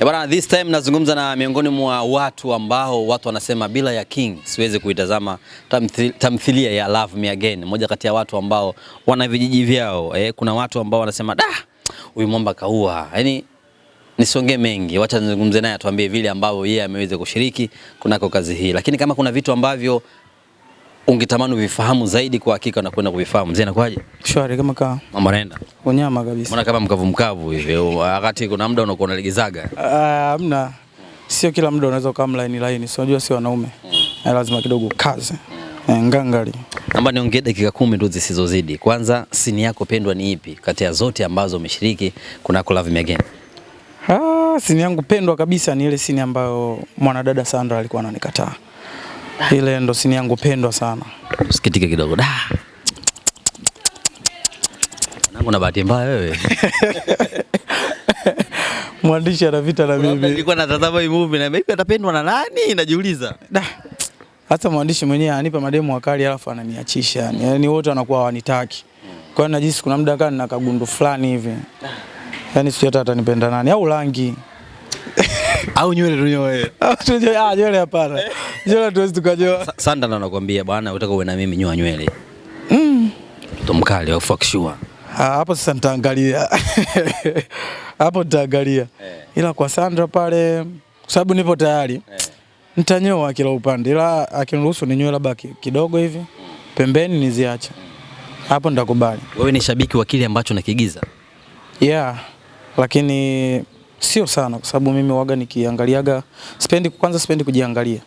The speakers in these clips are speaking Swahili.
Eh, bwana, this time nazungumza na miongoni mwa watu ambao watu wanasema bila ya King siwezi kuitazama tamthilia ya Love Me Again. Moja kati ya watu ambao wana vijiji vyao eh, kuna watu ambao wanasema da, huyu mwamba kaua. Yaani nisongee mengi, wacha nizungumze naye atuambie vile ambavyo yeye ameweza kushiriki kunako kazi hii, lakini kama kuna vitu ambavyo ungetamani uvifahamu zaidi kwa hakika na kwenda kuvifahamu. Mzee anakuaje? Shwari kama kaa. Mambo naenda. Unyama kabisa. Mbona kama mkavu mkavu hivi? Wakati kuna muda unakuwa unalegezaga. Ah, hamna. Uh, sio kila muda unaweza ukaa mlaini line. Sio unajua sio wanaume. Hmm. Eh, lazima kidogo kaze. Hmm. Eh, ngangali. Naomba niongee dakika kumi tu zisizozidi. Kwanza sini yako pendwa ni ipi kati ya zote ambazo umeshiriki kuna Love Me Again? Ah, sini yangu pendwa kabisa ni ile sini ambayo mwanadada Sandra alikuwa ananikataa. Ile ndo sini yangu pendwa sana. Usikitike kidogo da. Nangu na bahati mbaya wewe. Mwandishi anapita na mimi. Nilikuwa natazama hii movie na mimi atapendwa na nani? Najiuliza. Da. Hata mwandishi mwenyewe anipa mademu wakali alafu ananiachisha. Yaani yani wote wanakuwa hawanitaki. Kwa hiyo najisi kuna muda kani na kagundu fulani hivi. Yaani sio hata atanipenda nani au rangi au nywele tunyoe? Ah, nywele hapana, nywele tuwezi tukanyoa. Sanda ndo nakwambia bwana, utaka uwe na mimi nyoa nywele. Mm. Mtoto mkali au fuck sure. Hapo sasa nitaangalia hapo nitaangalia eh. Ila kwa Sandra pale, kwa sababu nipo tayari eh. Nitanyoa kila upande, ila akiniruhusu ni nywele labda kidogo hivi mm. pembeni niziache mm. hapo, nitakubali. Wewe ni shabiki wa kile ambacho nakigiza? Yeah, lakini Sio sana kwa sababu mimi waga nikiangaliaga sipendi kwanza sipendi kujiangalia.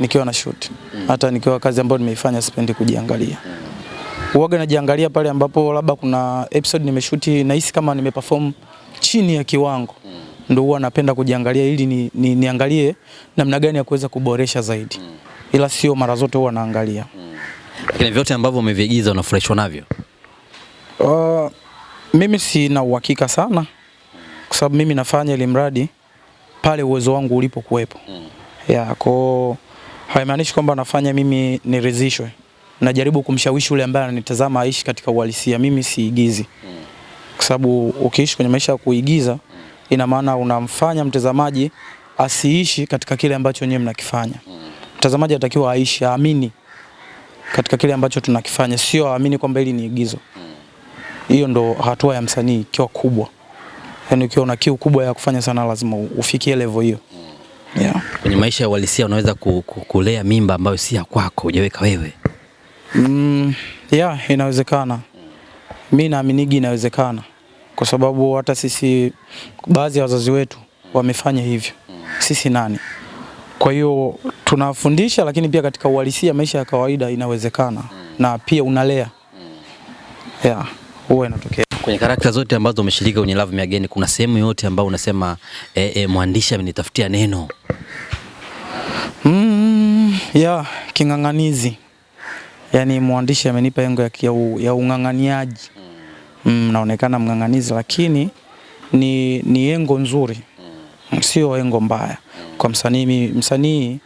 Nikiwa na shoot. Hata nikiwa kazi ambayo nimeifanya sipendi kujiangalia. Waga najiangalia pale ambapo labda kuna episode nimeshuti nahisi kama nimeperform chini ya kiwango. Ndio huwa napenda kujiangalia ili ni, ni, niangalie namna gani ya kuweza kuboresha zaidi. Ila sio mara zote huwa naangalia. Lakini vyote ambavyo umeviigiza unafurahishwa navyo? Uh, mimi sina uhakika sana kwa sababu mimi nafanya ili mradi pale uwezo wangu kuwepo. Mm. Ya, kwa haimaanishi kwamba nafanya mimi niridhishwe. Najaribu kumshawishi yule ambaye ananitazama aishi katika uhalisia, mimi siigizi. Mm. Kwa sababu ukiishi kwenye maisha ya kuigiza hmm. ina maana unamfanya mtazamaji asiishi katika kile ambacho nyewe mnakifanya. Hmm. Mtazamaji atakiwa aishi, aamini katika kile ambacho tunakifanya, sio aamini kwamba hili ni igizo. Hmm. Hiyo ndo hatua ya msanii ikiwa kubwa yani ukiwa una kiu kubwa ya kufanya sana lazima ufikie level hiyo. Yeah. Kwenye maisha ya uhalisia unaweza kulea mimba ambayo si ya kwako, hujaweka wewe. Mm, yeah, inawezekana. Mi naaminigi inawezekana kwa sababu hata sisi baadhi ya wazazi wetu wamefanya hivyo. Sisi nani? Kwa hiyo tunafundisha, lakini pia katika uhalisia maisha ya kawaida inawezekana, na pia unalea yeah, huwa inatokea. Kwenye karakta zote ambazo umeshirika kwenye Love Me Again, kuna sehemu yote ambayo unasema eh, eh, mwandishi amenitafutia neno? Mm, ya king'ang'anizi, yaani mwandishi amenipa ya yango ya, ya ung'ang'aniaji mm, naonekana mng'ang'anizi, lakini ni, ni yengo nzuri, sio engo mbaya kwa msanii. Msanii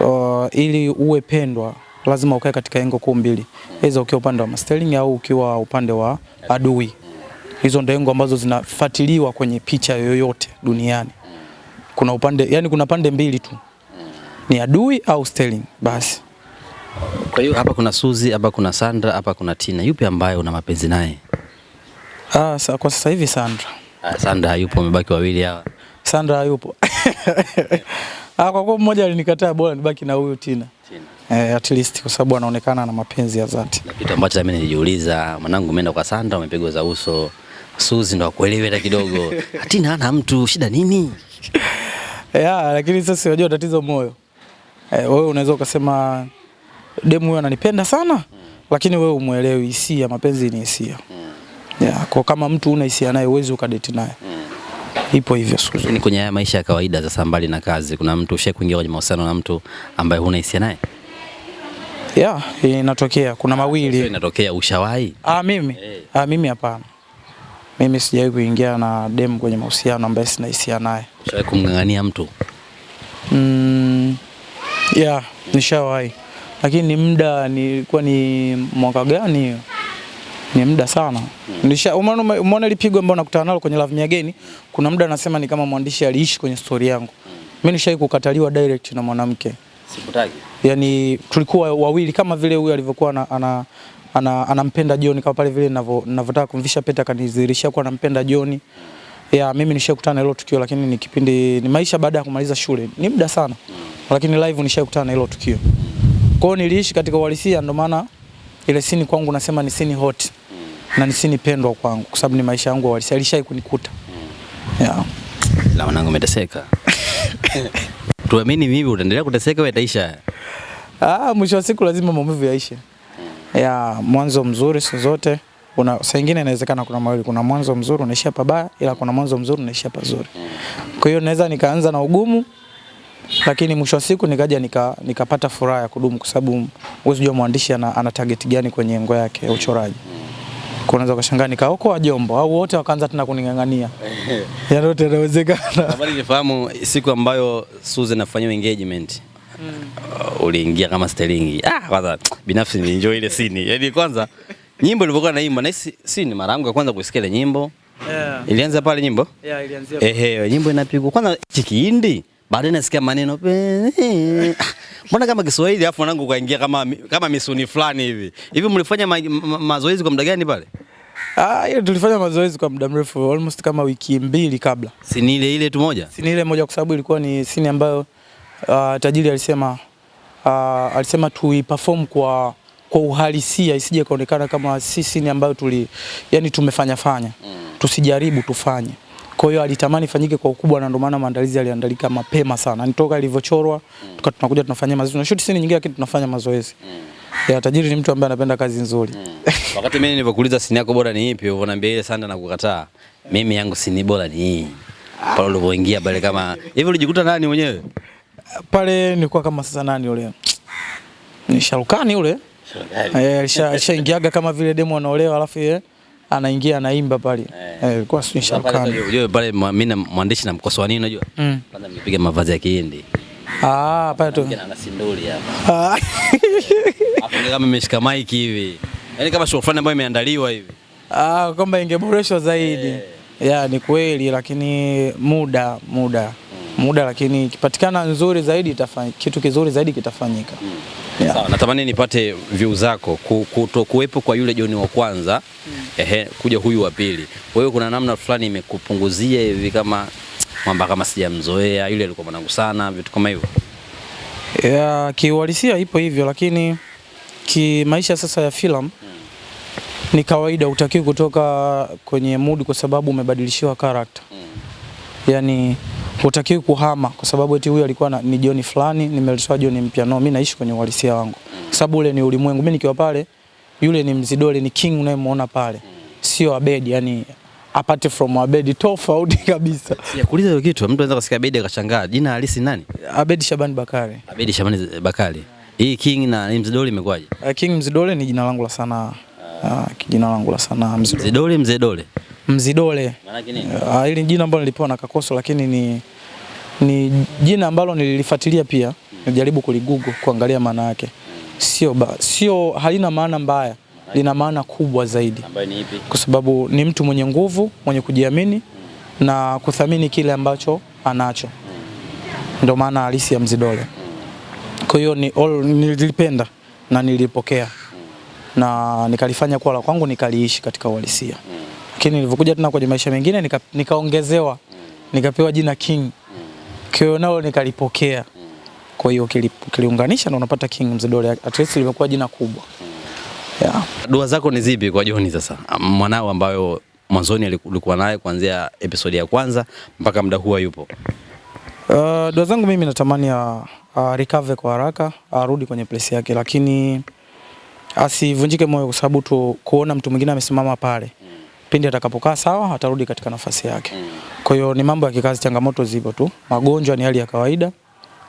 uh, ili uwe pendwa lazima ukae katika engo kuu mbili, aidha ukiwa upande wa Sterling au ukiwa upande wa adui. Hizo ndio engo ambazo zinafuatiliwa kwenye picha yoyote duniani. Kuna upande, yani kuna pande mbili tu, ni adui au Sterling basi. Kwa hiyo hapa kuna Suzi, hapa kuna Sandra, hapa kuna Tina. Yupi ambaye una mapenzi naye? Ah, sa, kwa sasa hivi Sandra. Ah, Sandra hayupo, amebaki wawili hawa. Sandra hayupo. Ah, kwa kuwa mmoja alinikataa, bora nibaki na huyu Tina eh, at least kwa sababu anaonekana na mapenzi ya dhati. Kitu ambacho mimi nilijiuliza, mwanangu umeenda kwa Sandra, umepigwa za uso, Suzi ndo akuelewe hata kidogo, atina ana mtu shida nini? Yeah, lakini sasa unajua tatizo moyo. Eh, wewe unaweza ukasema demu huyo ananipenda sana mm, lakini wewe umuelewi hisia, mapenzi ni hisia mm. Yeah, kwa kama mtu una hisia naye uwezi ukadeti naye mm. Ipo hivyo siku kwenye haya maisha ya kawaida. Sasa mbali na kazi, kuna mtu ushakuingia kwenye mahusiano na mtu ambaye huna hisia naye? Yeah, inatokea kuna mawili. Inatokea ushawahi? Ah, mimi hey. Eh. Ah, mimi hapana, mimi sijawahi kuingia na dem kwenye mahusiano ambaye sina hisia naye. Ushawahi kumng'ang'ania mtu? Mm, yeah, nishawahi lakini muda nilikuwa ni mwaka gani? Ni muda sana. Hmm. Nisha umeona pigo ambayo nakutana nalo kwenye Love Me Again, kuna muda anasema ni kama mwandishi aliishi kwenye story yangu. Hmm. Mimi nishawahi kukataliwa direct na mwanamke sikutaki. Yani tulikuwa wawili kama vile huyu alivyokuwa ana, ana, ana anampenda John kama pale vile ninavyotaka kumvisha pete akanidhihirishia kuwa anampenda John. Ya mimi nishakutana hilo tukio, lakini ni kipindi ni maisha baada ya kumaliza shule, ni muda sana, lakini live nishakutana hilo tukio. Kwa hiyo niliishi katika uhalisia, ndio maana ile sini kwangu nasema ni sini hot na ni sini pendwa kwangu, kwa sababu ni maisha yangu ya uhalisia, alishai kunikuta. Yeah. La mwanangu umeteseka. tuamini mimi, utaendelea kuteseka au itaisha? Ah, mwisho wa siku lazima maumivu yaishe. Ya mwanzo mzuri siku zote una saa nyingine inawezekana kuna mawili, kuna mwanzo mzuri unaishia pabaya, ila kuna mwanzo mzuri unaishia pazuri. Kwa hiyo naweza nikaanza na ugumu, lakini mwisho wa siku nikaja nika, nikapata furaha ya kudumu, kwa sababu huwezi jua mwandishi ana, ana target gani kwenye engo yake ya uchoraji kunaweza ukashangaa nikaokoa Jombo au wote wakaanza tena kuning'ang'ania yaani yote inawezekana. Habari nifahamu siku ambayo Suze nafanyiwa engagement hmm. uliingia kama Sterling. Ah, kwanza binafsi enjoy ile scene. Yaani kwanza nyimbo ilivyokuwa naimba na hisi scene mara yangu ya kwanza kusikia ile nyimbo. Yeah. Ilianza pale nyimbo? Yeah, ilianzia. Ehe, nyimbo inapigwa. Kwanza chikiindi. Baadaye nasikia maneno mbona kama Kiswahili, afu wanangu kaingia kama kama misuni fulani hivi hivi. Mlifanya ma, ma, ma, mazoezi kwa muda gani pale? Ah, ile tulifanya mazoezi kwa muda mrefu almost kama wiki mbili kabla. Si ni ile ile tu moja? Si ni ile moja kwa sababu ilikuwa ni sini ambayo uh, tajiri alisema uh, alisema perform kwa kwa uhalisia isije kaonekana kama si sini ambayo tuli yani tumefanya fanya. Mm. Tusijaribu tufanye. Kwa hiyo alitamani ifanyike kwa ukubwa na ndio maana maandalizi yaliandalika mapema sana. Nitoka ilivyochorwa, mm. tuka tunakuja tunafanya mazoezi. Na Tunashoot scene nyingine lakini tunafanya mazoezi. Mm. Ya tajiri ni mtu ambaye anapenda kazi nzuri. Mm. Wakati mimi nilivyokuuliza scene yako bora ni ipi, unaniambia ile sanda na kukataa. Mimi yangu scene bora ni hii. Pale ulipoingia pale kama hivi ulijikuta nani mwenyewe? Pale nilikuwa kama sasa nani yule? Ni Sharukani yule. Sharukani. Eh, alishaingiaga kama vile demo anaolewa alafu yeye anaingia anaimba pale eh. eh, kwa sio Unajua pale mimi mwandishi namkosoa nini unajua? Mm. Kwanza mpiga mavazi ya Kihindi. Ah, pale tu. Ana sinduli hapa. Hapo ah. kama ameshika mic hivi. yani kama show fulani ambayo imeandaliwa hivi. Ah, kwamba ingeboreshwa zaidi. Eh. Ya ni kweli lakini muda muda mm. muda, lakini ikipatikana nzuri zaidi itafanyika, kitu kizuri zaidi kitafanyika. mm yeah. Sawa, natamani nipate view zako kutokuwepo kwa yule John wa kwanza mm. ehe, kuja huyu wa pili, wewe kuna namna fulani imekupunguzia hivi kama mwamba, kama sijamzoea yule alikuwa mwanangu sana, vitu kama hivyo? Yeah, kiuhalisia ipo hivyo, lakini kimaisha sasa ya filamu mm. ni kawaida, utakiwa kutoka kwenye mood kwa sababu umebadilishiwa character mm. yani hutakiwi kuhama kwa sababu eti huyu alikuwa ni jioni fulani, nimeletwa jioni mpya. No, mimi naishi kwenye uhalisia wangu, kwa sababu ule ni ulimwengu. Mimi nikiwa pale, yule ni Mzidole, ni king unayemuona pale, sio Abedi, yani apart from Abedi tofauti kabisa. Ya kuuliza hiyo kitu, mtu anaweza kusikia Abedi akashangaa, jina halisi nani? Abedi Shabani Bakari. Abedi Shabani Bakari. Hii King na Mzidole imekwaje? Uh, king Mzidole ni jina langu la sanaa. Ah, jina langu la sanaa Mzidole. Mzidole Mzidole. Mzidole. Uh, hili jina ambalo nilipewa na Kakoso, lakini ni, ni jina ambalo nililifuatilia pia nijaribu kuligoogle kuangalia maana yake. Sio, sio halina maana mbaya, lina maana kubwa zaidi, kwa sababu ni mtu mwenye nguvu, mwenye kujiamini na kuthamini kile ambacho anacho, ndio maana halisi ya Mzidole. Kwa hiyo ni all, nilipenda na nilipokea na nikalifanya kuwa la kwangu, nikaliishi katika uhalisia. Lakini nilivyokuja tena kwenye maisha mengine nikaongezewa nika, nikapewa jina King. Kwa hiyo nalo nikalipokea. Kwa hiyo kiliunganisha na unapata King Mzidole, at least limekuwa jina kubwa. Yeah. Dua zako ni zipi kwa Joni sasa? Mwanao ambayo mwanzoni alikuwa naye kuanzia episodi ya kwanza mpaka muda huu yupo. Uh, dua zangu mimi natamani ya uh, recover kwa haraka, arudi uh, kwenye place yake, lakini asivunjike moyo kwa sababu tu kuona mtu mwingine amesimama pale pindi atakapokaa sawa atarudi katika nafasi yake. Mm. Kwa hiyo ni mambo ya kikazi, changamoto zipo tu, magonjwa ni hali ya kawaida,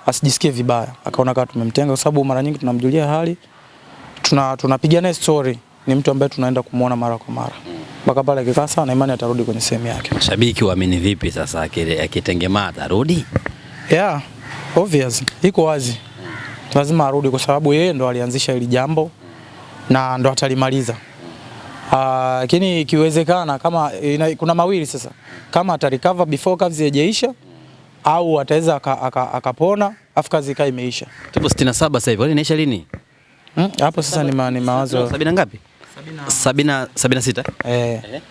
asijisikie vibaya akaona kama tumemtenga, kwa sababu mara nyingi tunamjulia hali, tuna naye story, ni mtu ambaye tunaenda kumuona mara kwa mara mm. mpaka pale akikaa sawa, na imani atarudi kwenye sehemu yake. Mashabiki waamini vipi sasa, akitengemaa atarudi? Yeah, obvious, iko wazi, mm. lazima arudi, kwa sababu yeye ndo alianzisha hili jambo na ndo atalimaliza. Ah, lakini uh, ikiwezekana kama ina, kuna mawili sasa, kama atarecover before kazi haijaisha au ataweza akapona afu kazi ikaa imeisha. Tupo 67 sasa hivi, inaisha lini hmm? hapo? Hmm, sasa ni, ma, ni mawazo sabini ngapi? Sabina, sabina sita eh. Eh.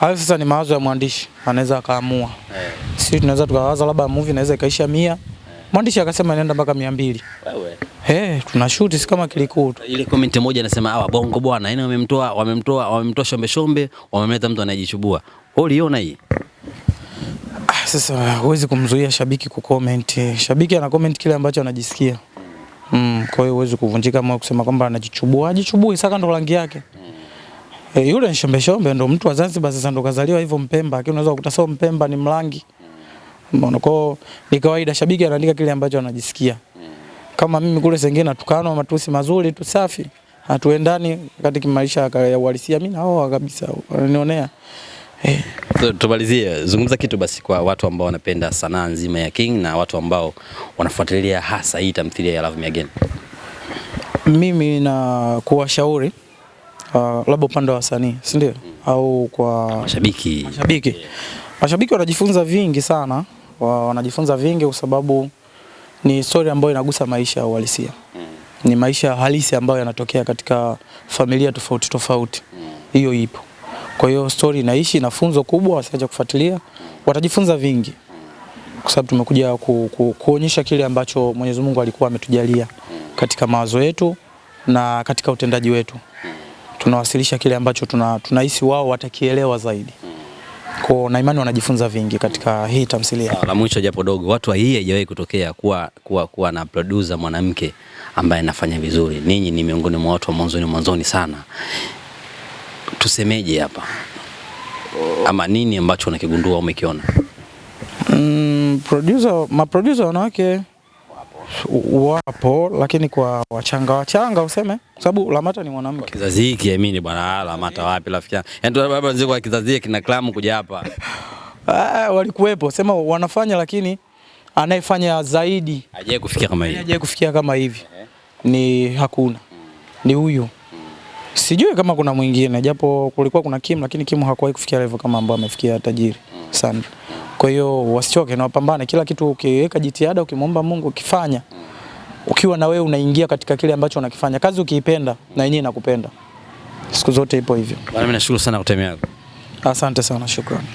Hayo sasa ni mawazo ya mwandishi anaweza akaamua eh. Sisi tunaweza tukawaza labda movie inaweza ikaisha mia Mwandishi akasema nenda mpaka 200. Wewe. Eh, tuna shoot si kama kilikuu Ile comment moja inasema hawa ah, bongo bwana, yani wamemtoa, wamemtoa, wamemtoa shombe shombe, wamemleta mtu anayejichubua. Wewe uliona hii? Ah, sasa huwezi kumzuia shabiki ku comment. Shabiki ana comment kile ambacho anajisikia. Mm, kwa hiyo huwezi kuvunjika moyo kusema kwamba anajichubua. Ajichubui saka ndo rangi yake. E, yule ni shombe shombe ndo mtu wa Zanzibar sasa ndo kazaliwa hivyo Mpemba. Lakini unaweza kukuta sio Mpemba ni Mlangi. Mbona Kwa ni kawaida, shabiki anaandika kile ambacho anajisikia. Kama mimi kule sengine natukana matusi mazuri tu safi, hatuendani katika maisha ya uhalisia, mimi nao kabisa, Unanionea? eh. Tumalizie, zungumza kitu basi kwa watu ambao wanapenda sanaa nzima ya King na watu ambao wanafuatilia hasa hii tamthilia ya Love Me Again. Mimi na kuwashauri uh, labda upande wa wasanii, si ndio? Mm. Au kwa mashabiki, mashabiki. Yeah. Mashabiki wanajifunza vingi sana, wanajifunza vingi kwa sababu ni story ambayo inagusa maisha ya uhalisia. Ni maisha halisi ambayo yanatokea katika familia tofauti tofauti. Hiyo ipo. Kwa hiyo story inaishi na funzo kubwa, wasiacha kufuatilia, watajifunza vingi kwa sababu tumekuja ku, ku, kuonyesha kile ambacho Mwenyezi Mungu alikuwa ametujalia katika mawazo yetu na katika utendaji wetu. Tunawasilisha kile ambacho tunahisi tuna wao watakielewa zaidi. Kwa na imani wanajifunza vingi katika hii tamthilia. La mwisho japo dogo, watu hii haijawahi kutokea kuwa, kuwa, kuwa na producer mwanamke ambaye anafanya vizuri. Ninyi ni miongoni mwa watu wa mwanzoni mwanzoni sana, tusemeje hapa ama nini ambacho unakigundua umekiona? Mm, producer, maproducer wanawake wapo, lakini kwa wachanga wachanga useme, kwa sababu Lamata ni mwanamke kizazi hiki. Amini bwana, ah, Lamata wapi rafiki yangu? Yaani baba nziko kwa kizazi hiki na klamu kuja hapa ah, walikuwepo, sema wanafanya, lakini anayefanya zaidi hajaje kufikia kama hivi, Hajaje kufikia kama hivi eh? ni hakuna, ni huyu Sijui kama kuna mwingine japo kulikuwa kuna Kim, lakini Kim hakuwahi kufikia level kama ambao amefikia tajiri mm. Sana. Kwa hiyo wasichoke na wapambane, kila kitu ukiweka jitihada, ukimwomba Mungu, ukifanya ukiwa na wewe unaingia katika kile ambacho unakifanya, kazi ukiipenda na yenyewe inakupenda. Siku zote ipo hivyo. Bwana, mimi nashukuru sana kutemea Asante sana, shukrani.